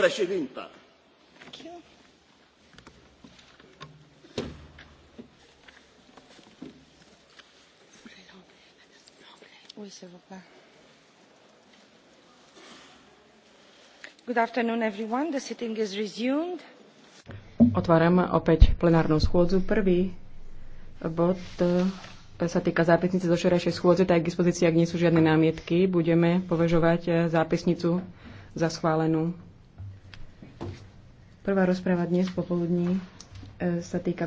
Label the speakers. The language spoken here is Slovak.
Speaker 1: precedentă.
Speaker 2: Oui, s'il vous plaît. Good
Speaker 3: afternoon, everyone. The sitting is resumed.
Speaker 4: Otváram opäť plenárnu schôdzu. Prvý bod e, sa týka zápisnice zo šerejšej schôdze, tak k dispozícii, ak nie sú žiadne námietky, budeme považovať e, zápisnicu za schválenú.
Speaker 5: Prvá rozpráva dnes popoludní e, sa týka